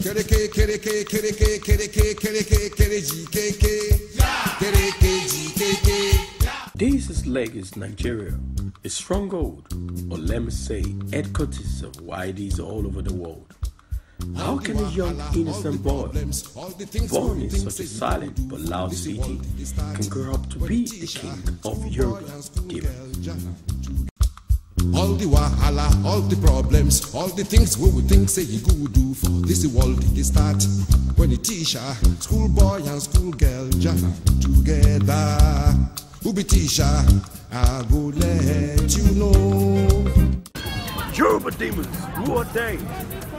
Kereke, kereke, kereke, Nigeria Daisy's leg is Nigeria. It's stronghold, or let me say, headquarters of YDs all over the world. How can a young innocent boy, born in such a silent but loud city, can grow up to be the king of Yoruba? All the wahala, all the problems, all the things we would think say you could do for this world they start. When a teacher, schoolboy and schoolgirl jam together. Who be teacher? I will let you know. Juba demons, who are they?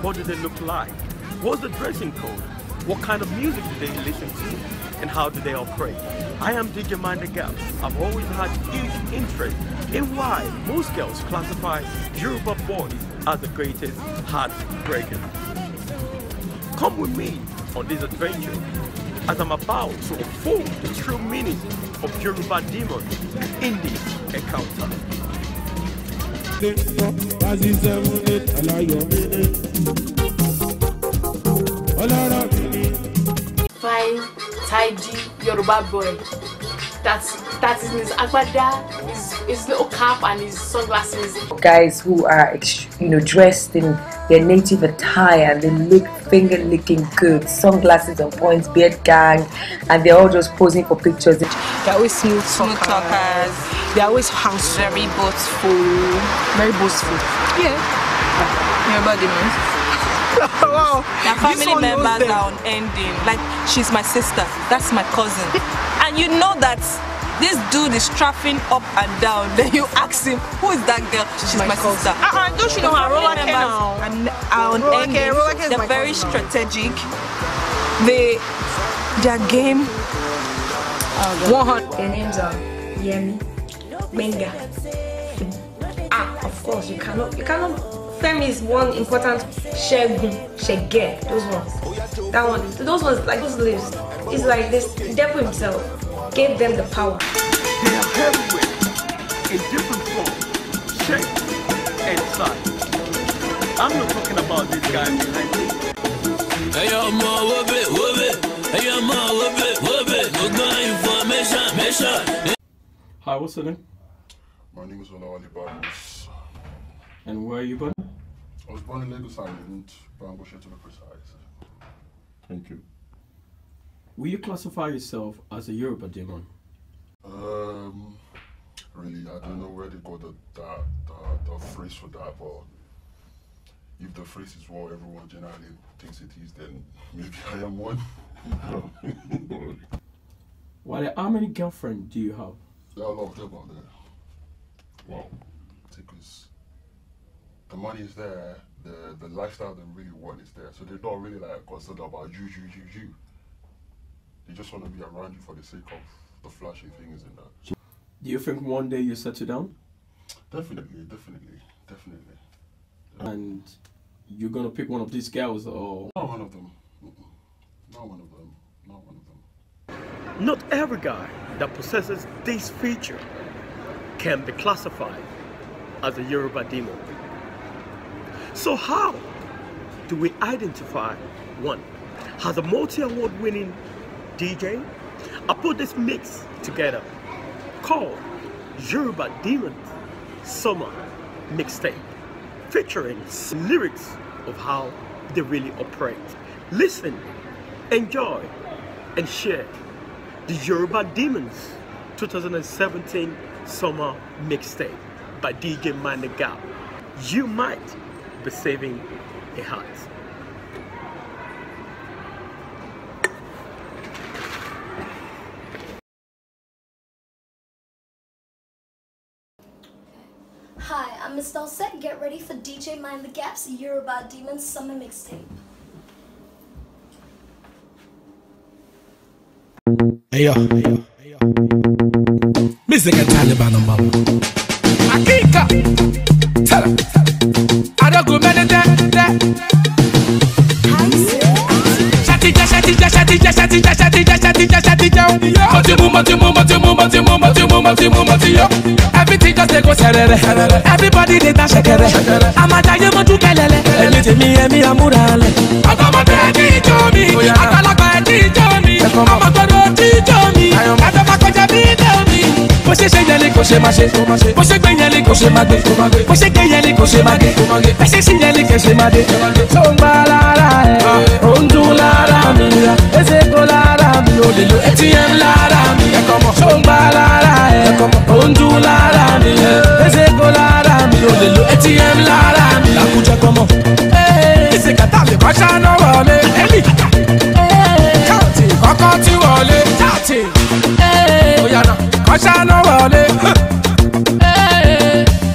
What do they look like? What's the dressing code? What kind of music do they listen to? And how do they operate? I am DJ Mind the Gap. I've always had huge interest in why most girls classify Yoruba boys as the greatest heartbreaker. Come with me on this adventure as I'm about to unfold the true meaning of Yoruba demon in this encounter tidy Yoruba boy That's that is his agbada, his, his little cap and his sunglasses. Guys who are you know dressed in their native attire and they look finger licking good, sunglasses on points, beard gang, and they're all just posing for pictures. They're always smooth, smooth talkers. They're always handsome. Very boastful. Very boastful. Yeah. Yeah, about the wow. Their family members are on ending. Like, she's my sister. That's my cousin. and you know that this dude is trapping up and down. Then you ask him, who is that girl? She's, my, my sister. Uh-uh, don't you know her? Rola now. are uh, on ending. They're very strategic. They, their game. Oh, One hundred. Their names are Yemi, Menga. Ah, of course you cannot, you cannot Femi is one important. Shegun, Shege, those ones. That one. Those ones, like those leaves. It's like this. devil himself gave them the power. They are heavyweight in different form, shape, and size. I'm not talking about these guys behind me. Hey, yo, ma, whoop it, whoop it. Hey, yo, ma, whoop it, whoop it. Look at information, mission. Hi, what's your name? My name is Olawale Barros. And where are you born? I was born in Lagos Island, going to be precise. Thank you. Will you classify yourself as a Yoruba demon? Um, really, I don't know where they got the, the, the, the phrase for that, but if the phrase is what everyone generally thinks it is, then maybe I am one. well, how many girlfriends do you have? There are a lot of them out there. Wow. Take this the money is there, the the lifestyle they really want is there. So they're not really like concerned about you, you, you, you. They just want to be around you for the sake of the flashy things and that. Do you think one day you settle down? Definitely, definitely, definitely. And you're gonna pick one of these girls or? Not one of them. Not one of them. Not one of them. Not every guy that possesses this feature can be classified as a Yoruba demon. So how do we identify one? Has a multi-award winning DJ? I put this mix together called Yoruba Demon Summer Mixtape featuring lyrics of how they really operate. Listen, enjoy, and share the Yoruba Demons 2017 Summer Mixtape by DJ Manigal. You might be a heart. Hi, I'm Miss Dulcet. Get ready for DJ Mind the Gaps Yoruba Demons Summer Mixtape. Hey yo, hey yo, hey yo. Missing a Taliban number. Akika! Tell her. adogun mẹ́ni tẹ́ tẹ́. ṣàtijẹ́ ṣàtijẹ́ ṣàtijẹ́ ṣàtijẹ́ ṣàtijẹ́ ṣàtijẹ́ ṣàtijẹ́ o. mo ti mu mo ti mu mo ti mu mo ti mu mo ti mu mo ti mu mo ti yó. everything just dey go ṣẹrẹrẹ. everybody dey ta ṣẹkẹrẹ. àmàjàyé mojú kẹlẹlẹ. èmi tèmi ẹ̀mí amúra lẹ̀. ọ̀dọ́mọdé ẹ̀ ti jọ mi àgbàlagbà ẹ̀ ti jọ mi ọmọ gbọ́dọ̀ ti jọ mi bó ṣe ṣe yẹn ni kò ṣe máa ṣe bó ṣe gbé yẹn ni kò ṣe máa gbé bó ṣe gbé yẹn ni kò ṣe máa gbé ẹṣẹ sí yẹn ni kò ṣe máa dé. tó ń gbà lára ẹ̀ ó ń dún lára mi ra ẹsẹ̀ kó lára mi ò lè lo atm lára mi ẹ̀kọ́ mọ̀. tó ń gbà lára ẹ̀ ó ń dún lára mi ra ẹsẹ̀ kó lára mi ò lè lo atm lára mi. làkújẹ kọ́ mọ̀. ẹ̀ẹ́dẹ̀ẹ́sẹ̀ kàtà mi kọ́ ọ̀ṣánú wọlé.